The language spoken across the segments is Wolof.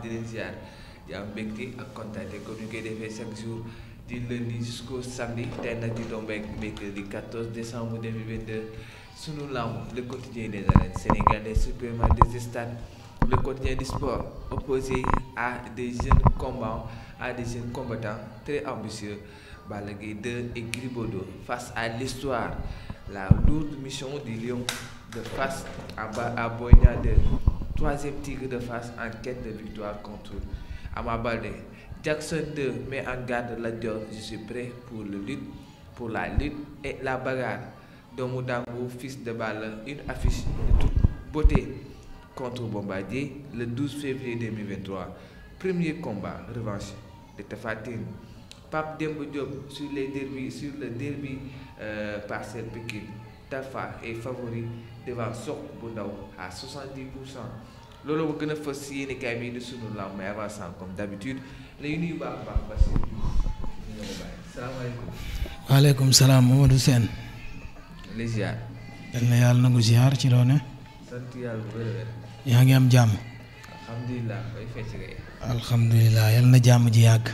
baax di leen ziar di am mbégte ak kontaante comme ñu koy defee chaque jour di lundi jusqu'au samedi tey nag di tombeek mercredi 14 décembre 2022 sunu làmb le quotidien des arènes sénégalais supplément des stades le quotidien du sport opposé à des jeunes combattants très ambitieux Balla Gaye 2 et Gris face à l'histoire la lourde mission du lion de face à Boy Niang 2 troisième Tigre de Fass en quête de victoire contre Ama Baldé Jackson 2 met en garde Lat Dior je prêt pour le lutte pour la lutte et la bagarre Doomu Dangu fils de Balla une affiche de toute beauté contre Bombardier le 12 février 2023 premier combat revanche de Tapha Tine Pape Demba sur les derby sur le derby euh, Parcelles Pikine Talfa est favori devant Sokh bu ndaw loolu moo gën a fës si yéen kaay bi di sunu làmb mais avant ça comme d'habitude lay nuyu baax a baax Bassirou Diouf salaamaaleykum. waaleykum salaam Mamadou Sène. les ziar. yal na yàlla nangu ziar ci loo ne. sant yàlla bu wér wér. yaa ngi am jàmm. alhamdulilah yal na jàmm ji yàgg.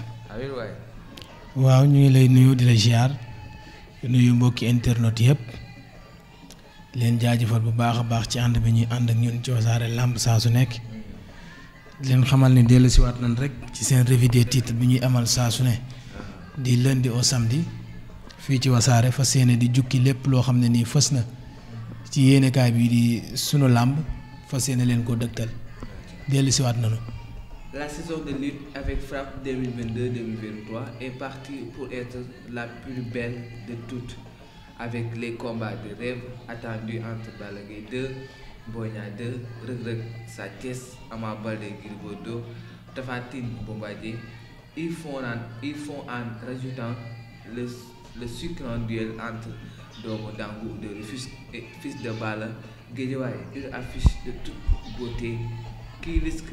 waaw ñu ngi lay nuyu di la nuyu mbokki internet yëpp. leen jaajëfal bu baax a baax ci ànd bi ñuy ànd ak ñun ci wasaare làmb saa su nekk leen xamal ne dellu siwaat nañ rek ci seen revue des bi ñuy amal saa su ne di lëndi au samedi fii ci wasaare fas yéene di jukki lépp loo xam ne nii fës na ci yéenekaay bii di sunu làmb fas yéene leen koo dëgtal dellu siwaat nañu La de lutte avec Frappe 2022-2023 est la plus belle avec les combats de rêve attendus entre Balla Gaye 2, Boy Niang 2, Reug Reug, Sa Thiès, Ama Baldé, Gris Bordeaux, Tapha Tine, Bombardier. Ils font en ils font en rajoutant le le succulent duel entre Doomu Dangu de Rufisque et fils de Balla Guédiawaye, une affiche de toute beauté qui risque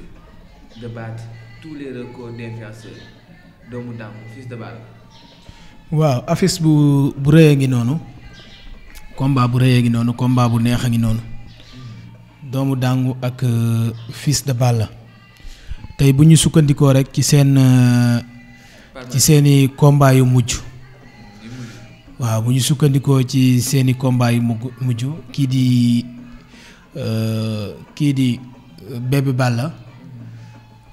de battre tous les records d'influenceurs Doomu Dangu fils de Balla waaw affiche bu bu a ngi noonu combat bu rëy a ngi noonu combat bu neex a ngi noonu doomu dàngu ak euh, fils de Balla tey bu ñu sukkandikoo rek ci seen euh, ci seeni combat yu mujj waaw bu ñu sukkandikoo ci seeni combat yu mujj kii di euh, kii di bébé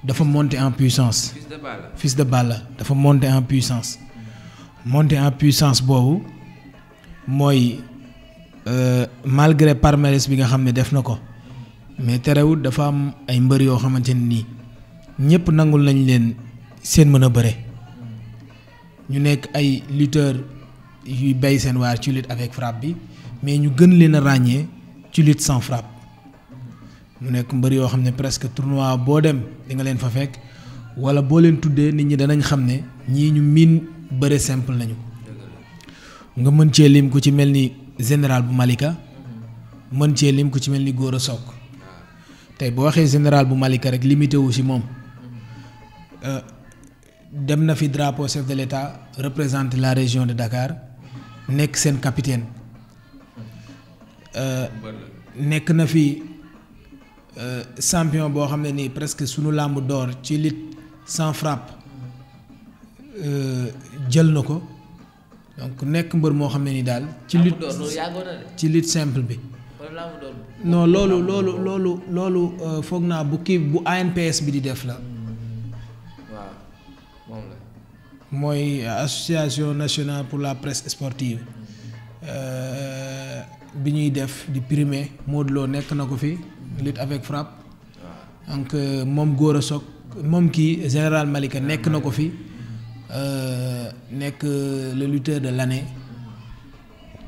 dafa monter en puissance fils de Balla dafa monter en puissance monter en puissance boobu mooy Euh, malgré palmarès bi nga xam ne def na ko mais terewul dafa am ay mbër yoo xamante ne nii ñëpp nangul nañ leen seen mën a bëre ñu nekk ay lutteurs yuy bay seen waar ci lutte avec frappe bi mais ñu gën leen a ràññee ci lutte sans frappe mu nekk mbër yoo xam ne presque tournoi boo dem di nga leen fa fekk wala boo leen tuddee nit ñi danañ xam ne ñii ñu miin bëre simple nañu nga mën cee lim ci mel ni général bu Malika mën cee lim ku ci mel ni góor a soog tey boo waxee général bu Malika rek limité wu si moom euh, dem na fi drapeau chef de l'État représente la région de Dakar nekk seen capitaine euh, nekk na fi sampion euh, boo xam ne nii presque sunu làmb d'or ci lutte sans frappe jël na ko. donc nekk mbër moo xam ne ni daal. ci lutte ci simple bi. non loolu loolu loolu euh, loolu foog naa bu kii bu ANPS bi di def la. Hmm. waaw mooy association nationale pour la presse sportive euh, bi ñuy def di primé Modou Lo nekk na ko fi. lutte avec frappe. donc euh, moom Gora Sock moom kii général Malika nekk na ko fi. Euh, nekk euh, le lutteur de l'année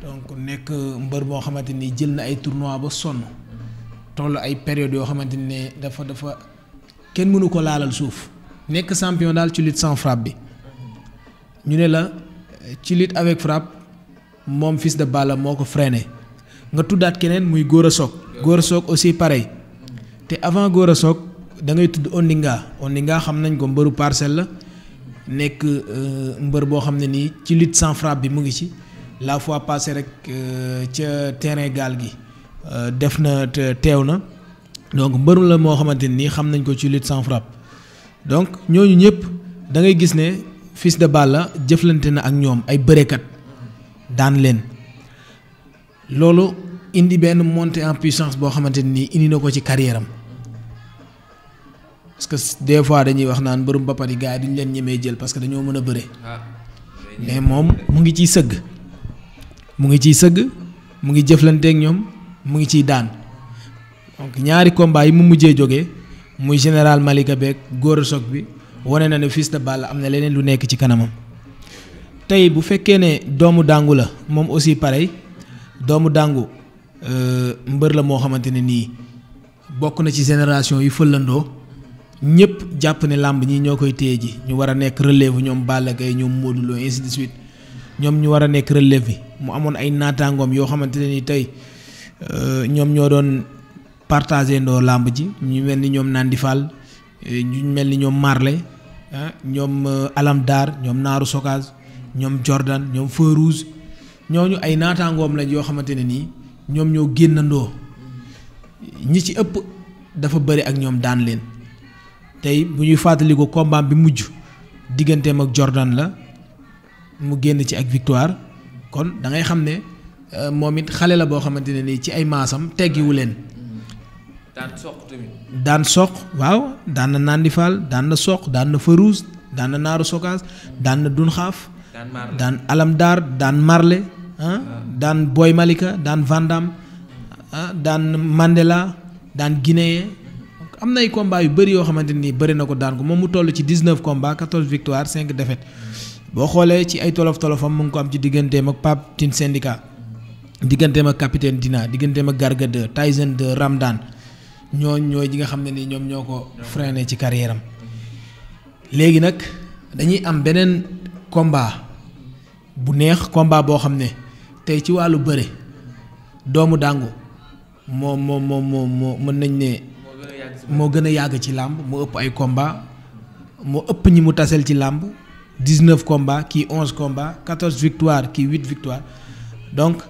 donc nekk euh, mbër boo xamante ni jël na ay tournoi ba sonn toll ay période yoo xamante ne dafa dafa kenn mënu ko laalal suuf nekk champion daal ci lutte sans frappe bi ñu ne la ci lutte avec frappe moom fils de Balla moo ko freiné nga tuddaat keneen muy góor Gora Sock Gora Sock aussi pareil te avant Gora Sock da ngay tudd Ondinga Ondinga xam nañ ko mbëru parcelle la nekk euh, mbër boo xam ne nii ci lutte sans frappe bi mu ngi ci la fois passée rek euh, ca terrain gaal gi euh, def na teew na donc mbëru la moo xamante nii xam nañ ko ci lutte sans frappe donc ñooñu ñëpp da ngay gis ne Fils de la jëflante na ak ñoom ay bërekat daan leen loolu indi benn montée en puissance boo xamante nii indi na ko ci carrière parce que des fois dañuy wax naan mbërum ba pare gars yi duñ leen ñemee jël parce que dañoo mën a bëre. Ah. mais moom mu ngi ciy sëgg. mu ngi ciy sëgg mu ngi jëflanteeg ñoom mu ngi ciy daan donc ñaari kombaay yi mu mujjee jóge muy général Malika beeg góor sok bi wane na ne Fils de Balla am na leneen lu nekk ci kanamam. tey bu fekkee ne doomu dàngu la moom aussi pareil doomu dàngu euh, mbër la moo xamante ne nii bokk na ci génération yu fëlandoo. ñëpp jàpp ne làmb ñi ñoo koy téye ji ñu war a nekk relève ñoom Balla Gaye ñoom Modou Lo ainsi de suite ñoom ñu war a nekk relève yi mu amoon ay naataangoom yoo xamante ne ni tey euh, ñoom ñoo doon partagé ndoo làmb ji ñu mel ni ñoom Nandi Fall euh, ñu mel ni ñoom Marley ah ñoom euh, alamdaar ñoom Naaru Sokaz ñoom Jordan ñoom Feu Rouge ñooñu ay naataangoom lañ yoo xamante ne nii ñoom ñoo génnandoo ñi ci ëpp dafa bëri ak ñoom daan leen. tey bu ñuy fàttaliku combat bi mujj digganteem ak Jordan la mu génn ci ak victoire kon dangay xam ne euh, moom it xale la boo xamante ne nii ci ay maasam teggiwu leen. daan soq waaw daan na Nandi daan na soq daan na Farouz daan Naaru Sokaas daan na Dunxaaf. daan Alam daan Marle ah. daan Boy Malika daan Vandam daan Mandela daan Guinée. am na ay combats yu bëri yoo xamante ni bëri na ko daan ko moom mu toll ci 19 combats 14 victoires 5 défaites boo xoolee ci ay tolof tolofam mu ngi ko am ci digganteem ak Pape Tine Syndicat digganteem ak capitaine Dina digganteem ak gargade 2 Tyson 2 Ramdan ñooñ ñooy ñi nga xam ne ni ñoom ñoo ko freiné ci carrière am léegi nag dañuy am beneen combat bu neex combat boo xam ne tey ci wàllu bëre doomu dàngu moom moom moom moom mën nañ ne. moo gën a yàgg ci làmb moo ëpp ay combat moo ëpp ñi mu tasel ci làmb dix-neuf combats kii onze combats quatorze victoire kii huit victoire donc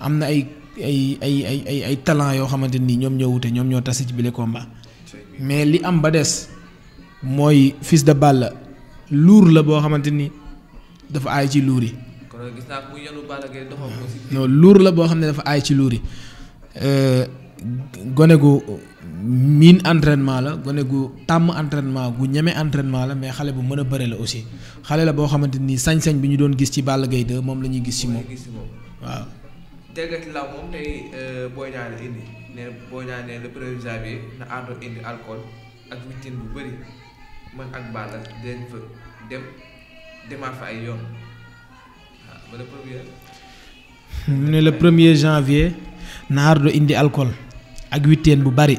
am na ay ay ay ay ay ay yoo xamante nii ñoom ñoo wute ñoom ñoo tase ci bile combat mais li am ba des mooy Fils de Balla luur la boo xamante ni dafa aay ci luur ko muy yenu Balla luur la boo xam ne dafa aay ci luur euh, gone gu miin entraînement la gone gu tàmm entraînement gu ñeme entraînement la mais xale bu mën a bëre la aussi xale la boo xamante ni sañ-sañ bi ñu doon gis ci Balla gay 2 moom la ñuy gis ci moom waaw. déggati la moom tey euh, Boy Niang la indi ne Boy Niang ne le premier janvier na àndoo indi alcool ak witin bu bëri man ak Balla dinañ fa ay yoon waaw ba le premier. mu ne naar do indi alcool ak bu bari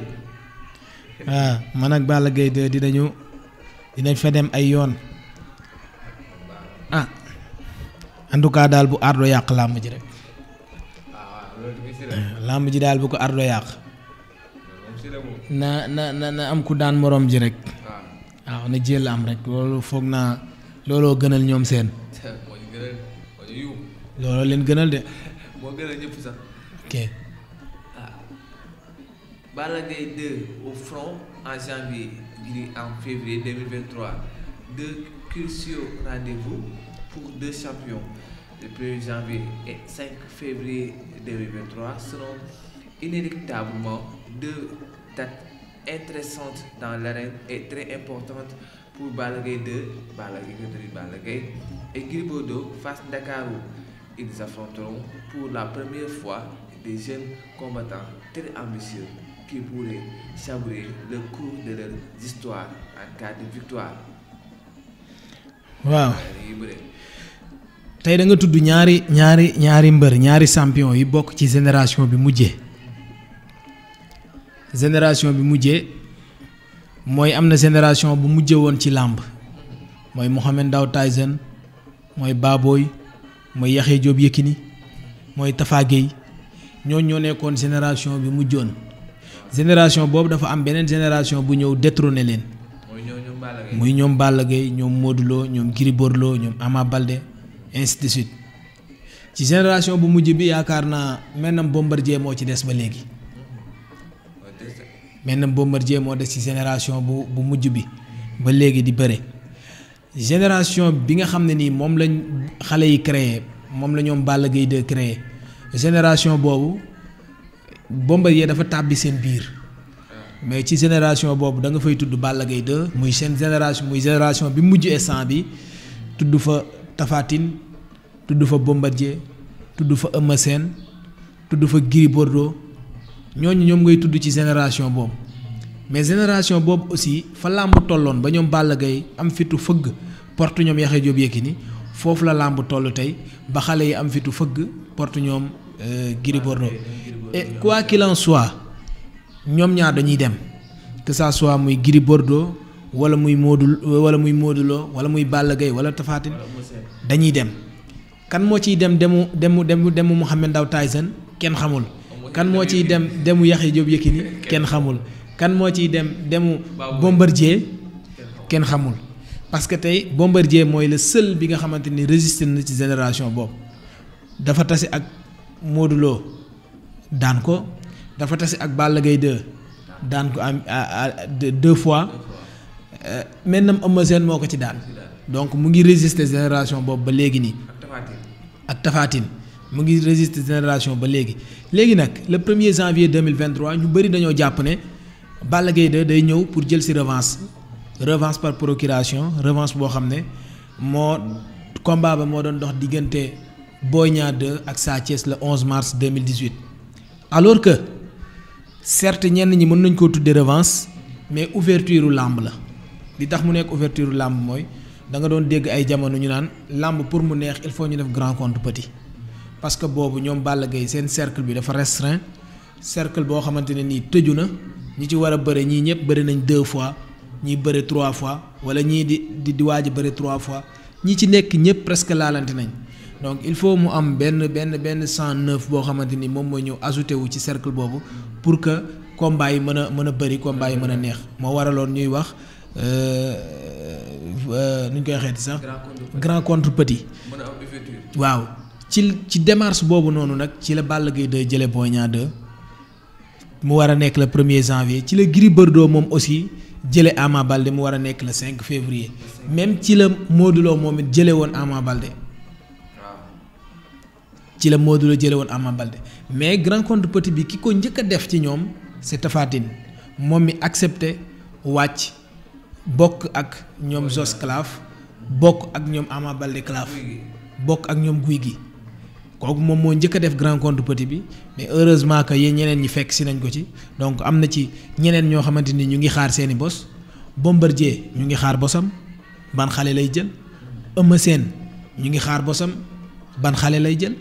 waaw ah, man ak Balla Gaye 2 dinañu dinañ fa dem ay yoon ah en tout cas daal bu ardo yàq làmb ji rek làmb ji daal bu ko ardo yàq na na na na am ku daan moroom ji rek waaw ah, na jël am rek loolu foog naa looloo gënal ñoom seen looloo leen gënal de. ok. Balla Gaye 2 au front en janvier Gris en février 2023 deux cruciaux rendez-vous pour deux champions le 1er janvier et 5 février 2023 seront inéluctablement deux dates intéressantes dans l'arène et très importantes pour Balla Gaye 2 Balla Gaye Balla Gaye et Gris Bordeaux face Ndakaaru ils affronteront pour la première fois des jeunes combattants très ambitieux qui pourraient savourer waaw tey danga tudd ñaari ñaari ñaari mbër ñaari champion yi bokk ci génération bi mujje génération bi mujje mooy am na génération bu mujje woon ci làmb mooy Mohamed Ndao Tyson mooy Baboy mooy Yaxya Joob Yékini mooy Tafa Gueye ñooñ ñoo nekkoon génération bi mujjoon génération boobu dafa am beneen génération bu ñëw détrôner leen. muy ñoom Balla Gaye ñoom Modou Lo ñoom Gris Bordeaux ñoom Ama Baldé ainsi ci génération bu mujj bi yaakaar naa maintenant Bombardier moo ci des ba léegi maintenant Bombardier moo des ci génération bu bu mujj bi ba léegi di bëre génération bi nga xam ne nii moom lañ xale yi créer moom la ñoom Balla Gaye de créé génération boobu Bombardier dafa tàbbi seen biir mais ci génération boobu da nga fay tudd Balla gay 2 muy seen génération muy génération bi mujj instant bi tudd fa tafaatin Tine tudd fa Bombardier tudd fa Eumeu Sène tudd fa Gris Bordeaux ñooñu ñoom ngay tudd ci génération boobu mais génération boobu aussi fa làmb tolloon ba ñoom Balla Gaye am fitu fëgg porte ñoom Yaxya Jóob ni foofu la làmb toll tey ba xale yi am fitu fëgg port ñoom Euh, Gris Bordeaux et quoi qu'il en soit ñoom ñaar dañuy dem que ça soit muy giri Bordeaux wala muy Modou wala muy Modou Lo wala muy Balla Gaye wala Tapha dañuy dem kan moo ciy dem demu demu demu demu Mouhamed Ndao Tyson kenn xamul kan moo ciy dem demu Yaxya Jóob Yékini kenn xamul kan moo ciy dem demu Bombardier kenn xamul parce que tey Bombardier mooy le seul bi nga xamante ni résisté na ci génération boobu dafa tase ak mooduloo Lo daan ko dafa tase ak Balla Gaye 2 daan ko am deux fois euh, mel na Eumeu Sène moo ko ci daan donc mu ngi résister génération boobu ba léegi nii ak Tafatine mu ngi résister génération ba léegi léegi nag le premier janvier 2023 ñu bëri dañoo jàpp ne Balla Gaye 2 day ñëw pour jël si revanche revanche par procuration revanche boo xam ne moo combat ba moo doon dox diggante Boy Niang 2 ak Sa Thiès la 11 mars 2018 alors que certes ñenn ñi mën nañ koo tuddee revanche mais ouverture làmb la li tax mu nekk ouverture làmb mooy da nga doon dégg ay jamono ñu naan làmb pour mu neex il faut ñu def grand contre petit parce que boobu ñoom Balla Gaye seen cercle bi dafa restreint cercle boo xamante ne nii tëju na ñi ci war a bëre ñii ñëpp bëri nañ deux fois ñii bëri trois fois wala ñii di di waaj a bëri trois fois ñi ci nekk ñëpp presque laalante nañ. donc il faut mu am benn benn benn cent neuf boo xamante ni moom mooy ñëw ajouté wu ci cercle boobu pour que combat yi mën a mën a bëri combat yi mën a neex moo waraloon ñuy wax euh, euh, nu ñu koy xeeti sax. grand contre petit mën a waaw ci ci boobu noonu nag ci la Balla Gaye 2 jële Boy Niang mu war a nekk la premier janvier ci la Gris Bordeaux moom aussi jële Ama Balde mu war a nekk le 5 février même ci la Modou Lo moom it jële woon Ama Balde ci la du la jëlee woon Ama Baldé mais grand contre petit bi ki ko njëkk a def ci ñoom c'est Tapha moom mi accepté wàcc bokk ak ñoom Jos Claf bokk ak ñoom Ama Baldé bokk ak ñoom guy gi kooku moom moo njëkk def grand contre petit bi mais heureusement que yéen ñeneen ñi fekk si nañ ko ci donc am na ci ñeneen ñoo xamante ni ñu ngi xaar seeni bos Bombardier ñu ngi xaar bosam ban xale lay jël Eumeu Sène ñu ngi xaar bosam ban xale lay jël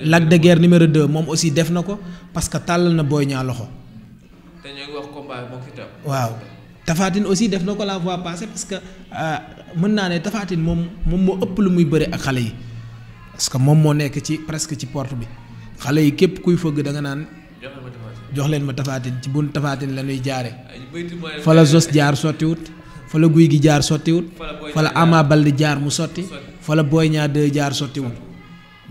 Lac de Guiers numéro 2 moom aussi def na ko parce que tàllal na booy Niang loxo. te waaw Tapha aussi def na ko la voie passée parce que euh, mën naa ne tafaatin moom moom moo ëpp lu muy bëre ak xale yi parce que moom moo nekk ci presque ci port bi xale yi képp kuy fëgg da nga naan. jox leen ma Tapha ci bun Tapha Tine la ñuy jaare fa la Zos jaar sottiwut fa la guy gi jaar sottiwut fa la Ama Baldé jaar mu sotti fa la Boy Niang 2 jaar sottiwut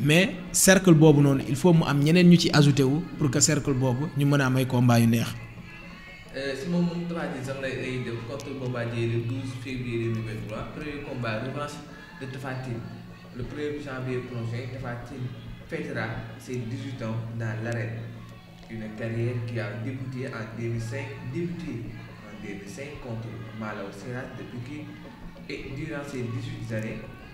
mais cercle boobu noonu il faut mu am ñeneen ñu ci ajouté wu pour que cercle boobu ñu mën a am ay combat yu neex. ma euh, moom moom Tapha Tine sax lay lay le 12 février 2023 premier combat revanche de Tapha Tine le 1er janvier prochain Tapha Tine fêtera ses 18 ans dans l'arène une carrière qui a débuté en 2005 débuté en 2005 contre de Pikine et durant ces 18 années.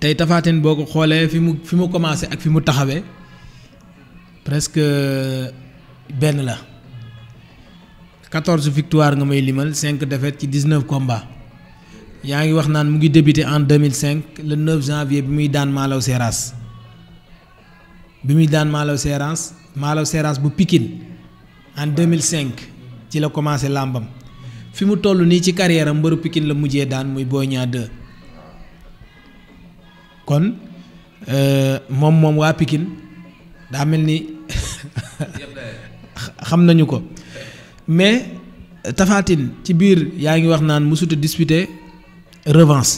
tey Tapha Tine boo ko xoolee fi mu fi mu commencé ak fi mu taxawee presque benn la quatorze victoire nga may limal cinq défaites ci dix-neuf combats yaa ngi wax naan mu ngi débuté en deux mille cinq le neuf janvier bi muy daan Malaw Seras bi muy daan Malaw Seras Malaw Seras bu Pikine en deux mille cinq ci la commencé làmbam fi mu toll nii ci carrière am mbëru Pikine la mujjee daan muy Boy Niang kon euh, moom moom waa pikin daa mel ni xam nañu ko mais tafaatin ci biir yaa ngi wax naan mësut a disputé revanche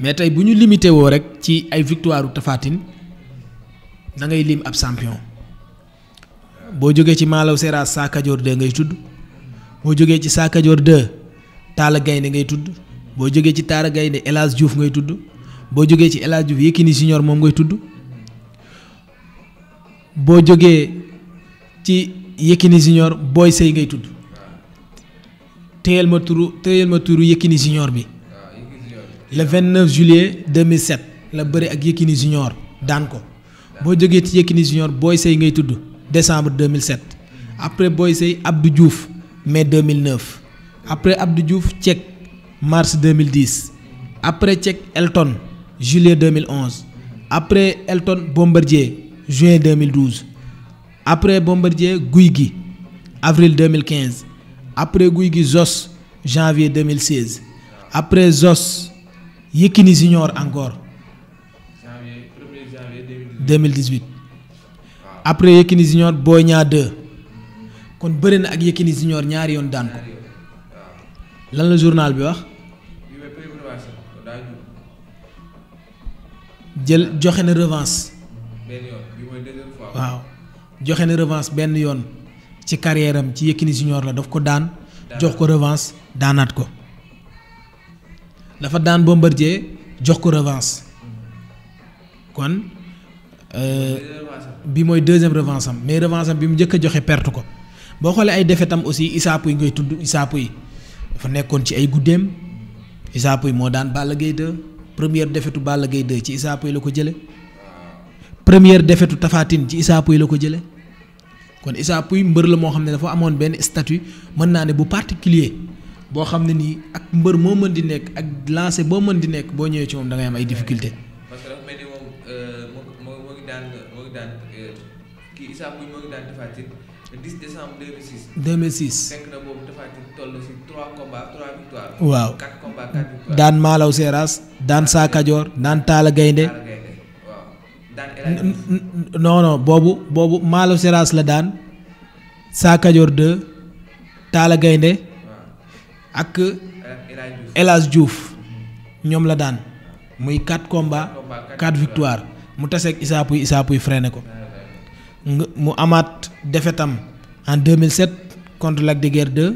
mais tey bu ñu limité woo rek ci ay victoire tafaatin Tine da ngay lim ab champion boo jógee ci Malaw Seras Sa Kajoor 2 ngay tudd boo jógee ci Sa Kajoor 2 Talla Gaynde ngay tudd boo jógee ci Talla Gaynde El Hadj ngay tudd boo jógee ci El Hadj Diouf Junior moom ngay tudd boo jógee ci yëkkini Junior booy Sey ngay tudd téyel ma turu téyel ma turu Yékini Junior bi le 29 juillet 2007 la bëri ak Yékini Junior daan ko boo jógee ci Yékini Junior booy Sey ngay tudd décembre 2007 après booy Sey Abdou Diouf mai 2009 après Abdou Diouf Cech mars 2010 après Cech Elton juillet 2011 après Elton Bombardier juin 2012 après Bombardier Guy Gi avril 2015 après Guy Gi Zos janvier 2016 après Zos Yekini Junior encore janvier 1er janvier 2018 après Yekini Junior Boy Niang 2 kon bëri na ak Yekini Junior ñaari yoon daan ko lan la journal bi wax. jël joxe na revanche. waaw joxe na revanche benn yoon ci carrière ci Yékini Junior la daf ko daan. jox ko revanche daanaat ko. dafa daan Bombardier jox ko revanche kon. Euh, bi mooy deuxième revanche am mais revanche am bi mu njëkk a joxe perte ko boo xoolee ay defetam aussi isaapu yi ngay tudd isaapu yi dafa nekkoon ci ay guddeem isaapu yi moo daan Balla Gaye première defetu Balla Gaye 2 ci Issa Pouye la ko jële première defetu Tapha Tine ci Issa Pouye la ko jële kon Issa yi mbër la moo xam ne dafa amoon benn statut mën naa ne bu particulier boo xam ne nii ak mbër moo mën di nekk ak lancé boo mën di nekk boo ñëwee ci moom da ngay am ay difficulté parce que dafa mel ni moom euh, moo ngi euh, le 10 décembre 2006. waaw daan Malaw Seras daan Saa Kajoor daan Taala Gaynde. non boobu boobu Malaw Seras la daan Saa Kajoor 2 Taala Gaynde. ak El Hadj ñoom la daan muy 4 combats 4 victoires mu taseeg Issa Pouye Issa Pouye freiné ko. mu amaat defetam en deux mille 2007 contre Lac de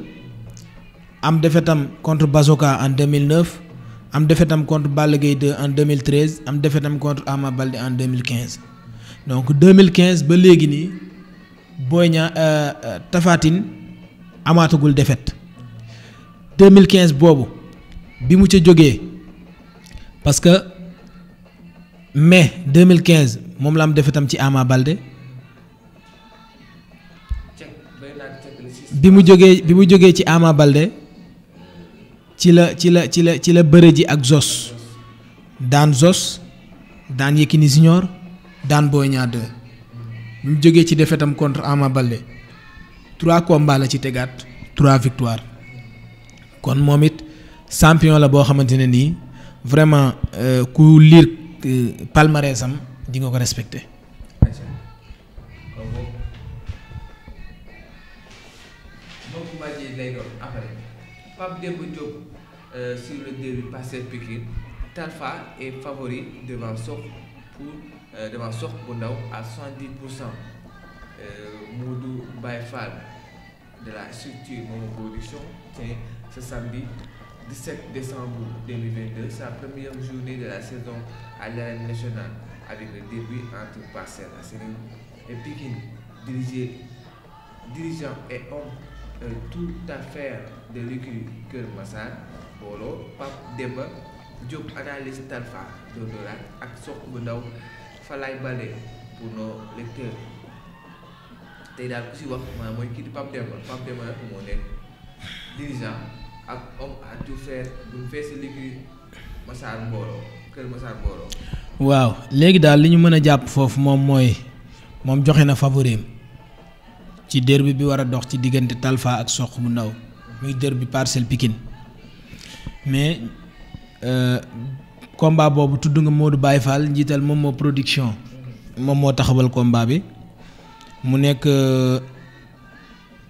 am defetam contre Bazoka en 2009 am defetam contre Balla Gaye 2 en 2013 am defetam contre Ama Baldé en 2015 donc 2015 ba léegi nii Boy Niang euh, euh, Tapha Tine amaatagul mille quinze boobu bi mu ca jógee parce que mille 2015 moom la am defetam ci Ama Baldé bi mu jógee bi mu jógee ci Ama Balde ci la ci la ci la ci la bëre ji ak Zos daan Zos daan Yekini Junior daan Boy Niang mu jógee ci défaitam contre Ama Balde trois combats ci tegaat trois victoires kon moom it champion la boo xamante ne nii vraiment euh, ku liir euh, palmarès am di nga ko respecté. Pape Demba Diop euh, sur le derby Parcelles Pikine Talfa est favori devant Sokh pour euh, devant Sokh bu ndaw à 70 pour cent euh, Modou Baye Fall de la structure Momo Production tient ce samedi 17 décembre 2022 sa première journée de la saison à l'arène nationale avec le début entre Parcelles Assainies et Pikine dirigé dirigeants et hommes Euh, toute affaire de l'écurie Kër Massar booloo Pape Demba Diop analyse Talfa Dondolaat ak soq bu ndaw Falaay Bale pour nos lecteurs tey daal ku si wax maa mooy kii di Demba Pape Demba nag moo nekk dirigeant ak homme à tout faire fees l'écurie Massar mbooloo Kër Massar mbooloo waaw léegi daal li ñu mën a jàpp foofu moom mooy moom joxe na favori ci derby bi war a dox ci diggante Talfa ak soq mu ndaw muy derby Parcelles pikin mais euh, combat boobu tudd nga Modou Baye Fall njiital moom moo production moom moo taxawal komba bi mu nekk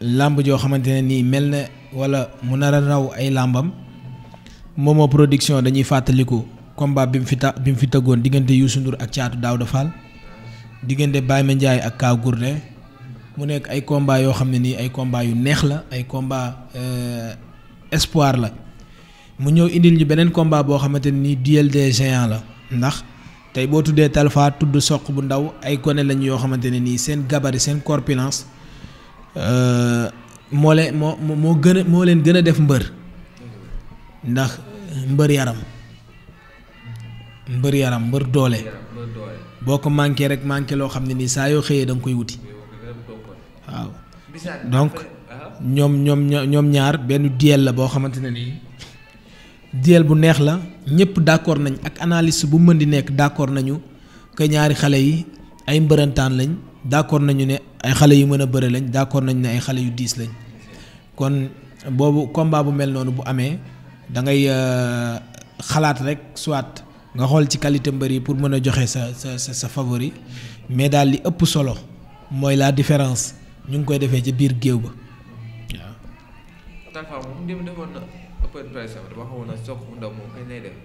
làmb joo xamante ne nii mel na wala mu nar raw ay làmbam moom moo production dañuy fàttaliku combat bi mu fi ta bi mu fi tëggoon diggante Youssou Ndour ak Thiatou Daouda Fall diggante Baye Mandiaye ak Kaw Gourdin mu nekk ay combat yoo xam ne nii ay combat yu neex la ay combat euh, espoir la mu ñëw indil ñu beneen combat boo xamante ne nii duel des géants la ndax tey boo tuddee Talfa tudd soq bu ndaw ay gone lañ yoo xamante ne nii seen gabari seen corpulence euh, moo leen moo moo gën a moo leen gën a def mbër ndax mbër yaram mbër yaram mbër doole boo ko manqué rek manqué loo xam ne nii saa yoo xëyee danga koy wuti waaw donc ah? ñoom ñoom ñoom ñaar benn duel la boo xamante ne nii duel bu neex la ñëpp d'accord nañ ak analyste bu mën di nekk d'accord nañu que ñaari xale yi ay mbërantaan lañ d'accord nañu ne ay xale yu mën a bëre lañ d'accord nañu ne ay xale yu diis lañ kon boobu combat bu mel noonu bu amee da ngay euh, xalaat rek soit nga xool ci qualité mbër yi pour mën a joxe sa sa sa favori mais daal li ëpp solo mooy la différence. ñu ngi koy defee ci biir géew ba waaw. Talfa moom démb defoon na open press am dama xamoon na soq bu ndaw moom kañ lay def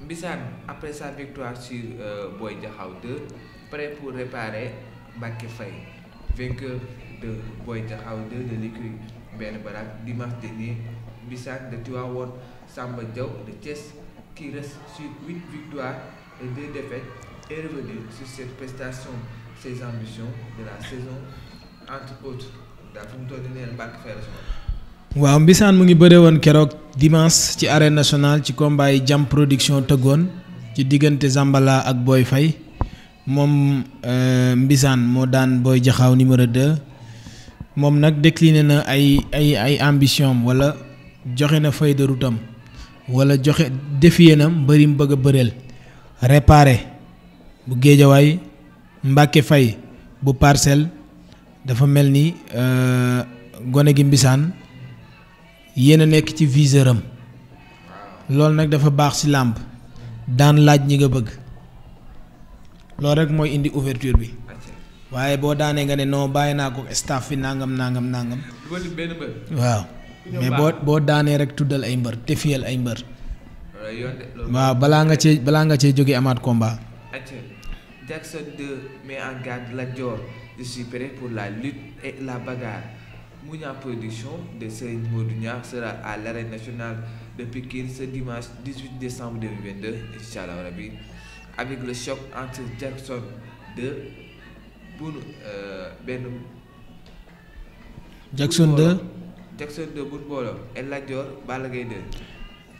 Mbissane après sa victoire sur euh, Boy Diakhao 2 prêt pour réparer Mbacké Faye de Boy Diakhao 2 de l'écurie Mbenn Barak dimanche dernier Mbissane de Tivaouane Samba Diaw de Thiès qui reste sur huit victoires et deux défaites est revenu sur prestation ses ambitions de la saison waaw Mbissane mu ngi bëre woon keroog dimanche ci arène national ci combat yi jam production tëggoon ci diggante Zambala ak booy Faye moom euh, Mbissane moo daan booy Jaxaaw numéro de moom nag décliné na ay ay ay ambition wala joxe na feuille de wala joxe défié na mbëri mu bëgg a bëreel réparé bu géejawaay Mbacke Faye bu parcelle. dafa mel ni euh, gone gi mbisaan yéen a nekk ci viseur am loolu nag dafa baax si làmb daan laaj ñi nga bëgg loolu rek mooy indi ouverture bi waaye boo daanee nga ne non bàyyi naa ko staff fi nangam nangam nangam. waaw mais boo boo daanee rek tuddal ay mbër te fiyal ay mbër. waaw balaa nga cee balaa nga cee jóge amaat combat. Jackson 2 met je suis prêt pour la lutte et la bagarre Mouniang Production de Serigne Modou Niang sera à l'arène national de Pikine ce dimanche 18 décembre 2022 inchallah rabbi avec le choc entre Jackson 2 Boun euh, benn Jackson 2 Jackson 2 Boun Mbollo El Hadj Dior Balla Gaye 2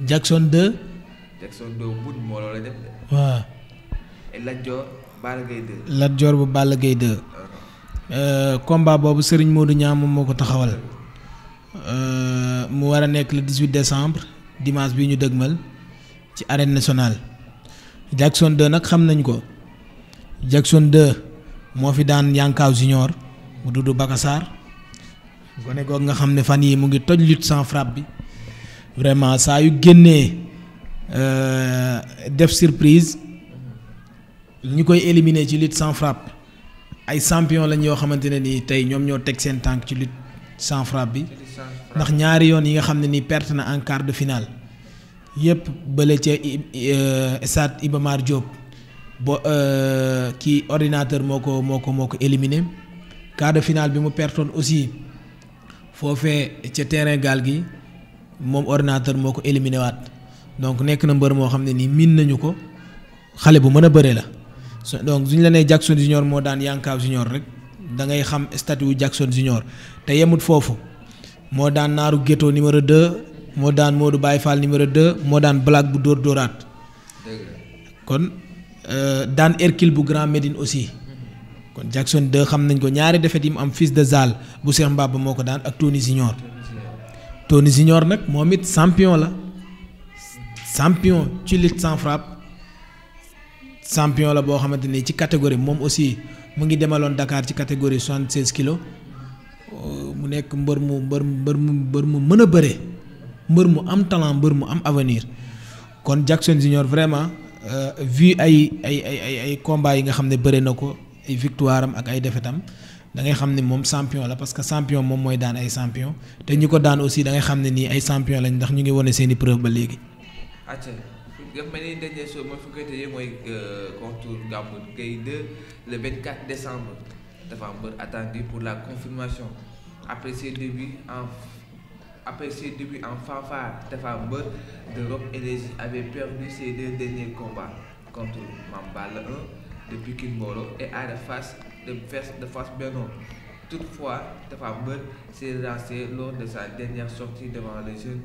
de waaw bu Balla Gaye Euh, combat boobu Serigne Modou Niang moom moo ko taxawal euh, mu war a nekk le 18 décembre dimanche bi ñu dëgmal ci arène nationale Jackson 2 nag xam nañ ko Jackson 2 moo fi daan Yankaaw Junior mu dudd Bakassar gone goog nga xam ne fan yii mu ngi toj lutte sans frappe bi vraiment saa yu génnee euh, def surprise ñu koy éliminer ci lutte sans frappe. ay champion lañ yoo xamante ne nii tey ñoom ñoo teg seen tànk ci lutte sans frappe bi ndax ñaari yoon yi nga xam ne nii perte na en quart de finale yëpp bële ca euh, stade Iba Mar Diop bo euh, kii ordinateur moo ko moo ko moo ko quart de finale bi mu pertoon aussi foofee ca terrain gaal gi moom ordinateur moo ko éliminé waat donc nekk na mbër moo xam ne nii miin nañu ko xale bu mën a bëre la. donc suñ la nee Jackson moo daan Yankaw Junior rek da ngay xam statut Jackson Junior te yemut foofu moo daan Naaru Ghetto numéro 2 moo daan Modou bàyyi Fall numéro 2 moo daan Black bu Dóor Dóoraat kon euh, daan ercule bu Grand Médine aussi kon Jackson 2 xam nañ ko ñaari defet yi mu am fils de Zal bu Cheikh Mbaba moo ko daan ak Tony Junior Tony Junior nag moom it champion la champion ci lutte sans frappe champion la boo xamante ni ci catégorie moom aussi mu ngi demaloon dakaar ci catégorie soixante seize kilos euh, mu nekk mbër mu mbër mbër mu mbër mu mën a bëre mbër mu am talent mbër mu am avenir kon Jackson Junior vraiment euh, vu ay ay ay ay ay combats yi nga xam ne bëre na ko ay victoire am ak ay defetam am da xam ne moom champion la parce que champion moom mooy daan ay champion te ñi ko daan aussi da xam ne nii ay champion lañ ndax ñu ngi wane seen i ba léegi. nga xam ne dernier show mooy fu koy tëjee mooy euh, contour Gamou Gueye 2 le décembre dafa am mbër attendu pour la confirmation après ses débuts en après ses en fanfare dafa am mbër de Rock Énergie avait perdu ses deux derniers combats contre Mame Balla 1 de Pikine Mbolo et Ada Fass de Fass de Fass Benno toutefois dafa am mbër s'est lancé lors de sa dernière sortie devant les jeunes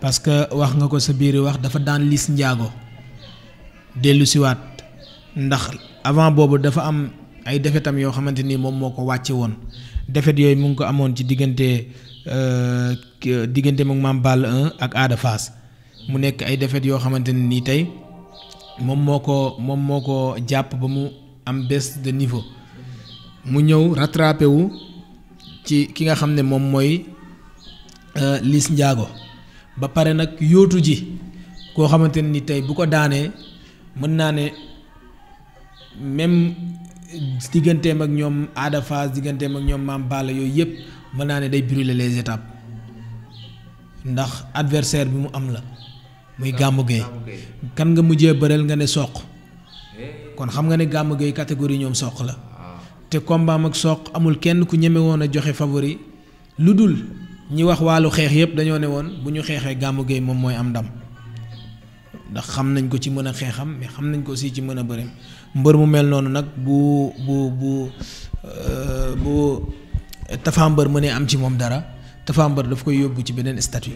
parce que wax nga ko sa biir wax dafa daan liis njaago dellusiwaat ndax avant boobu dafa am ay defetam yoo xamante ni moom moo ko wàcce woon defet yooyu mu ngi ko amoon ci diggante euh, diggante mu Maam Ball 1 ak Ada Fass mu nekk ay defet yoo xamante ne nii tey moom moo ko moom moo ko jàpp ba mu am baisse de niveau mu ñëw rattrapé wu ci ki nga xam ne moom mooy euh, Liss njaago ba pare nag yootu ji koo xamante ni tey bu ko daanee mën naa ne même digganteem ak ñoom Ada Fass digganteem ak ñoom Mame Balla yooyu yëpp mën naa ne day brûler les étapes ndax adversaire bi mu am la muy Gamou Gueye kan nga mujjee bëreel nga ne soq eh. kon xam nga ne Gamou Gueye catégorie ñoom soq la ah. te combat ak soq amul kenn ku ñeme a joxe favori lu dul ñi wax wàllu xeex yëpp dañoo ne woon bu ñu xeexee Gamou Gueye moom mooy am ndam ndax xam nañ ko ci mën a xeexam mais xam nañ ko aussi ci mën a bëreem mbër mu mel noonu nag bu bu bu euh, bu Tapha Mbeur am ci moom dara Tapha Mbeur daf koy yóbbu ci beneen statut.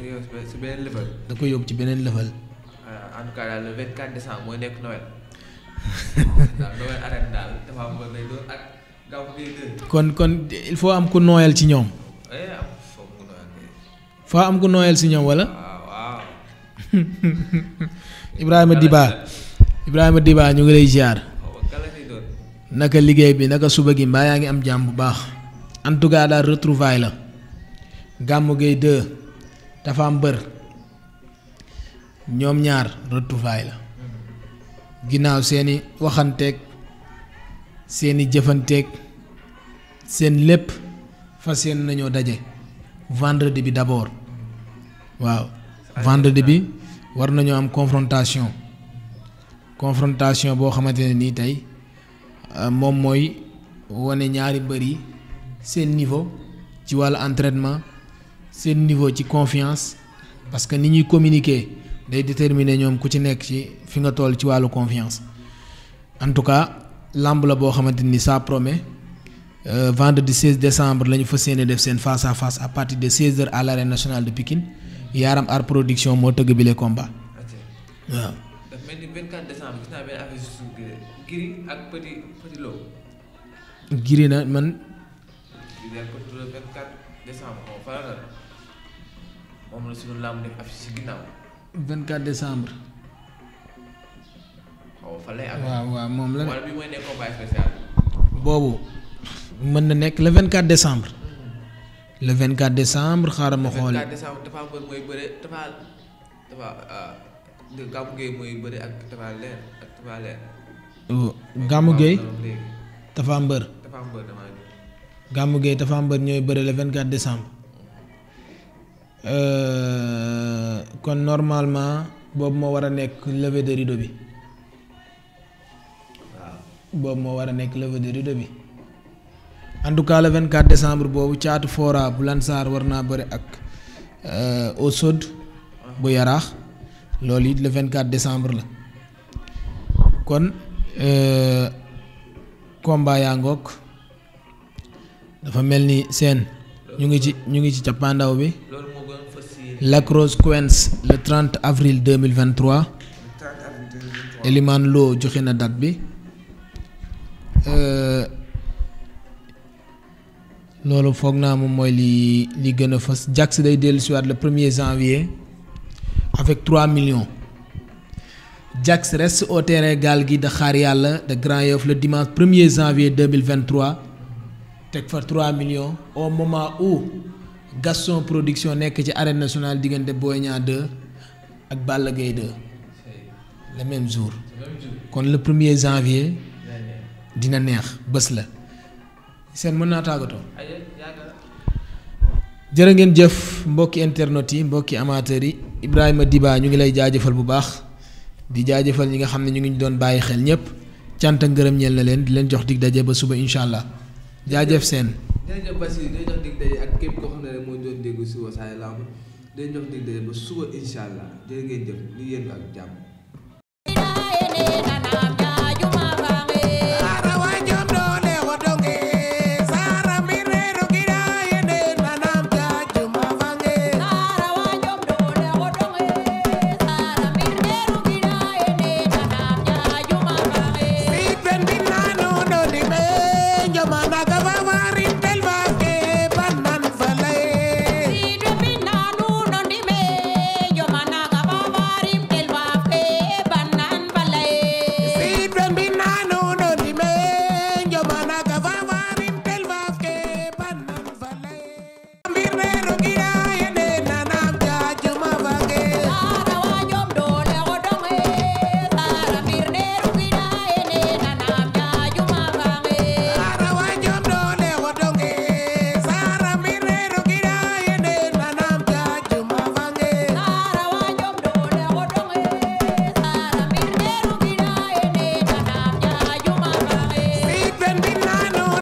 ci beneen da koy yóbbu ci beneen level. Euh, en tout cas daal le 24 kon kon il faut am ku nooyal ci ñoom. waa am ku nooyal si ñoom wala Ibrahima Diba Ibrahima Diba ñu ngi lay ziar naka liggéey bi naka suba gi mbaa yaa ngi am jàmm bu baax en tout cas daal retrouvaille la Gamou gay 2 dafa am bër ñoom ñaar retrouvaille la ginnaaw seeni waxanteek seeni jëfanteek seen lépp fas yéene nañoo daje vendredi bi d'abord waaw vendredi bi war nañoo am confrontation confrontation boo xamante ne nii tey euh, moom mooy wane ñaari mbër yi seen niveau ci wàllu entraînement seen niveau ci confiance parce que ni ñuy communiquer day déterminer ñoom ku ci nekk ci fi nga tool ci wàllu confiance en tout cas làmb la boo xamante ni ça promet euh, vendredi 16 décembre la ñu fas yéene def seen face à face à partir de 16 heures à nationale de Pikine yaaram Art Production moo tëgg bile combat. waaw. daf mel ni 24 décembre gis naa benn la suñu làmb def affiche si ginnaaw. 24 décembre. waaw waaw moom la. nekk combat spécial. boobu mën na nekk le 24 décembre. le 24 décembre xaaral ma xool. le 24 décembre Tapha Mbeur mooy bëre euh, bëre ak Tapha Leer ak Tapha Leer. Oh, Gamou Gueye ñooy bëre le 24 décembre. Euh, kon normalement boobu moo war a nekk levée de rideau bi. boobu moo war a nekk levée de rideau bi. en tout cas le 24 décembre boobu caatu fora bu Lansar war naa bëri ak euh, au sod bu yaraax loolu it le 24 décembre la kon euh, combat yaa ngoog dafa mel ni seen ñu ngi ci ñu ngi ci cappaandaw bi Lac Rose Queens le 30 avril 2023 Elimane Lo joxe na date bi euh, loolu foog naa moom mooy li li gën a fës Jax day dellu si waat le premier janvier avec 3 millions Jax reste au terrain gaal gi de xaar yàlla de Grand Yoff le dimanche premier janvier 2023 teg fa 3 millions au moment où Gaston production nekk ci arène nationale diggante Boy Niang 2 ak Balla Gaye le même jour kon le premier janvier dina neex bés la. seen mën naa jër jërë ngeen jëf mbokki internet yi mbokki amateurs yi Ibrahima Diba ñu ngi lay jaajëfal bu baax di jaajëfal ñi nga xam ne ñu ngi ñu doon bàyyi xel ñëpp canta ak ngërëm ñeel na leen di leen jox dig daje ba suba incha allah jaajëf seen. jërëjëf Basi ak képp koo xam ne moo doon déglu si Wassare Lamb day jox ngeen jëf ñu yéen ak jàmm.